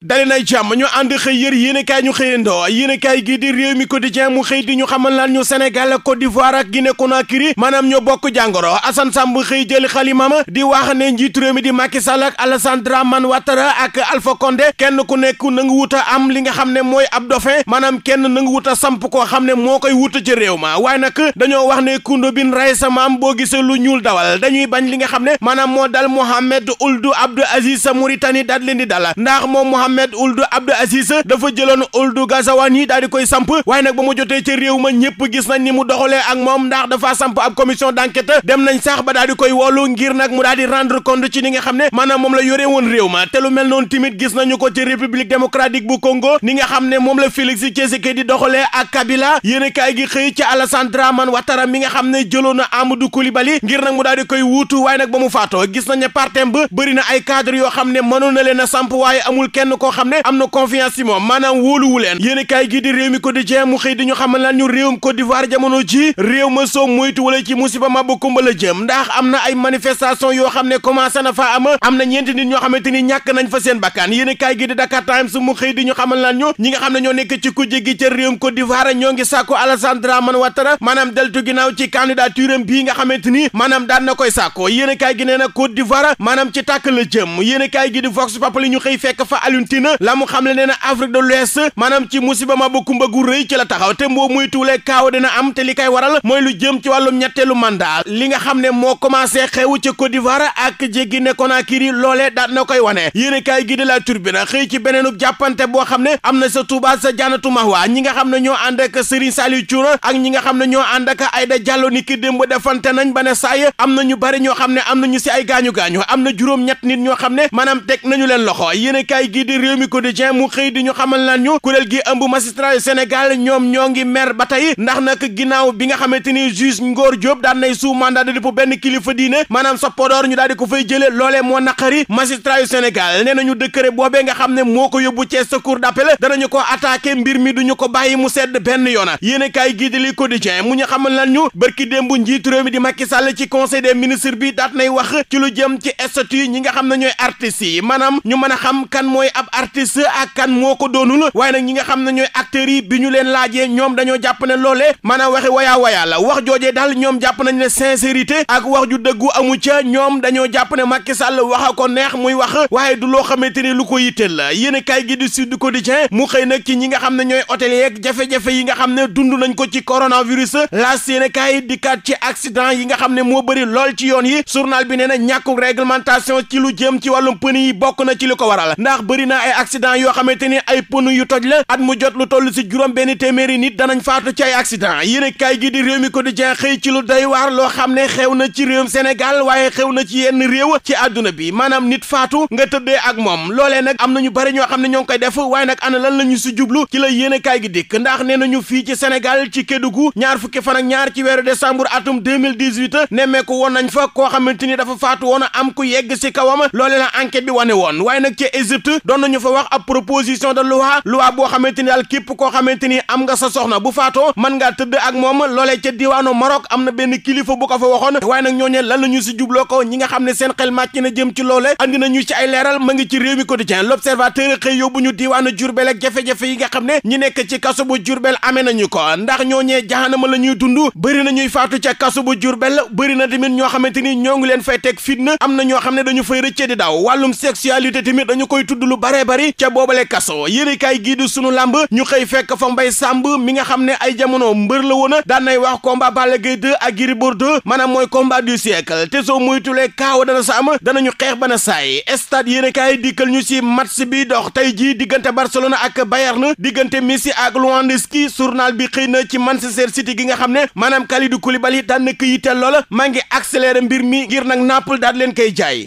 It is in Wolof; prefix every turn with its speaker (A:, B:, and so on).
A: dali nay ma ñu ànd xëy yër yéenekaay ñu xëyandoo yéenekaay gii di réew mi quotidien mu xëy di ñu xamal laan ñu Sénégal ak Côte d'Ivoire ak Guinée Conakry maanaam ñoo bokk jàngoro Assane Samb xëy jël ma di wax ne njiitu réew mi di Macky Sall man wa Dramane ak Alpha kenn ku nekk nangu wut a am li nga xam ne mooy ab dauphin maanaam kenn nangu wut a samp koo xam ne moo koy wuta ci réew ma waaye nag dañoo wax ne kundo bin ray sa maam boo gisee lu ñuul dawal dañuy bañ li nga xam ne maanaam moo dal Mohamed Ould Abdou Aziz sa Mauritanie daat leen di dal Mohamed Ould Abdou Aziz dafa jëloon Ould Gazawani daal di koy samp waaye nag ba mu jotee ci réew ma ñëpp gis nañ ni mu doxalee ak moom ndax dafa samp ab commission d'enquête dem nañ sax ba daal di koy woolu ngir nag mu daal di rendre compte ci ni nga xam ne maanaam moom la yore woon réew ma te lu mel noonu tamit gis nañu ko ci république démocratique bu Congo ni nga xam ne moom la Félix Tshisekedi di doxalee ak Kabila yéen kaay gi xëy ci Alassane Dramane Ouattara mi nga xam ne jëloon na Amadou Coulibaly ngir nag mu daal di koy wuutu waaye nag mu faatoo gis nañ ne partem ba bëri na ay cadre yoo xam ne mënoon na leen a samp waaye amul kenn koo xam ne am na confiance ci moom maanaam wóoluwu leen yéen kaay gi di réew mi quotidien mu xëy di ñu xamal lan ñu réewum Côte d'Ivoire jamono ji réew ma soo moytu wala ci musiba ma ba kumba la ndax am na ay manifestation yoo xam ne commencé na faa am am na ñeenti nit ñoo xamante ni ñàkk nañ fa seen bakkaan yéen kaay gi di Dakar Times mu xëy di ñu xamal lan ñu ñi nga xam ne ñoo nekk ci kujje gi ca réewum Côte d'Ivoire ñoo ngi sàkku Alassane Dramane maanaam deltu ginnaaw ci candidature am nga xamante ni maanaam daan na koy sàkko yéen kaay gi nee maanaam ci tàkk la jëm yéen kaay gi di Vox Populi ñu xëy fekk fa Aliou yëkkati na la mu xam ne nee na Afrique de l'Ouest maanaam ci musiba ma bu kumba gu rëy ci la taxaw te mboo muy tuulee kaaw dina am te li koy waral mooy lu jëm ci wàllum ñetteelu mandat li nga xam ne moo commencé xewu ca Côte d'Ivoire ak jéggi ne Conakry loole daat na koy wane yéene kaay gi de la turbine xëy ci beneenub jàppante boo xam ne am na sa Touba sa Janatu Mahwa ñi nga xam ne ñoo ànd ak Serigne Saliou Thioura ak ñi nga xam ne ñoo ànd ak Aïda Diallo ni ki démb defante nañ ba ne saay am na ñu bari ñoo xam ne am na si ay gaañu gaañu am na juróom-ñett nit ñoo xam ne maanaam teg nañu leen loxo yéene réew mi quotidien mu xëy di ñu xamal lan ñu gi ëmb magistrat yu ñoom ñoo ngi mer ba tey ndax nag ginnaaw bi nga xamante ni juge Ngor Diop daan nay sous mandat de dépôt benn kilifa diine maanaam sa ñu daal di ko fay jëlee loolee moo naqari magistrat yu Sénégal nee nañu décret boobee nga xam ne moo ko yóbbu Thiès sa cour d'appel danañu ko attaqué mbir mi duñu ko bàyyi mu sedd benn yoon yéen kaay gii di li quotidien mu ñu xamal lan ñu bërki démb njiitu réew mi di wax ci lu ñi nga xam ne ñooy artistes maanaam ñu mën a xam kan mooy ab ab artiste ak kan moo ko doonul waaye nag ñi nga xam ne ñooy acteurs yi bi ñu leen laajee ñoom dañoo jàpp ne loole maanaam waxe wayaa wayaa la wax joojee daal ñoom jàpp nañ ne sincérité ak wax ju dëggu amu ca ñoom dañoo jàpp ne Macky Sall waxa ko neex muy wax waaye du loo xamante ni lu ko yitteel la yéen kay gi di Sud Quotidien mu xëy nag ci ñi nga xam ne ñooy hôtel yeeg jafe-jafe yi nga xam ne dund nañ ko ci coronavirus laas yéen kay dikkaat ci accident yi nga xam ne moo bëri lool ci yoon yi journal bi nee na ñàkkul réglementation ci lu jëm ci wàllum pneu yi bokk na ci li ko waral ndax na na ay accident yoo xamante ni ay pneu yu toj la at mu jot lu toll si juróom benn téeméeri nit danañ faatu ci ay accident yéen kaay gi di réew mi quotidien xëy ci lu doy waar loo xam ne xew na ci réewum Sénégal waaye xew na ci yenn réew ci adduna bi maanaam nit faatu nga tëddee ak moom loolee nag am na ñu bari ñoo xam ne ñoo ngi koy def waaye nag ana lan la ñu si jublu ci la yéen kaay gi dikk ndax ne nañu fii ci Sénégal ci Kédougou ñaar fukki fan ak ñaar ci weeru décembre atum 2018 nemmeeku woon nañ fa koo xamante ni dafa faatu am ku yegg si kawam loolee la enquête bi wane woon waaye nag ci ñu fa wax a proposition de loi loi boo xamante ni daal képp koo xamante ni am nga sa soxna bu faatoo mën ngaa tëdd ak moom loolee ca diwaanu Maroc am na benn kilifa bu ko fa waxoon waaye nag ñoo ñooñu lan la ñu si jubloo ko ñi nga xam ne seen xel màcc na jëm ci loole andi nañu ci ay leeral ma ngi ci réew mi quotidien l'observateur xëy yóbbu ñu diwaanu Jurbel ak jafe-jafe yi nga xam ne ñu nekk ci kaso bu Jurbel amee nañu ko ndax ñooñee jaxanama la ñuy dund bëri nañuy faatu ca kaso bu Jurbel bëri na tamit ñoo xamante ni ñoo ngi leen fay teg fitna am na ñoo xam ne dañu fay rëcce di daw wàllum sexualité tamit dañu koy tudd lu baree bari ca boobale kaso yéenekaay gii du sunu làmb ñu xëy fekk fa Mbay Sàmb mi nga xam ne ay jamono mbër la woon daan nay wax combat Balla Gaye 2 ak Gris Bordeaux maanaam mooy combat du siècle te soo muytulee kaaw dana sa am ñu xeex ba na saay stade yéenekaay dikkal ñu si match bi dox tey jii diggante Barcelone ak Bayern diggante Messi ak Lewandowski journal bi xëy na ci man Manchester City gi nga xam ne maanaam Kalidou Koulibaly daan na ko yitteel loola maa ngi accélérer mbir mi ngir nag Naples daal leen koy jaay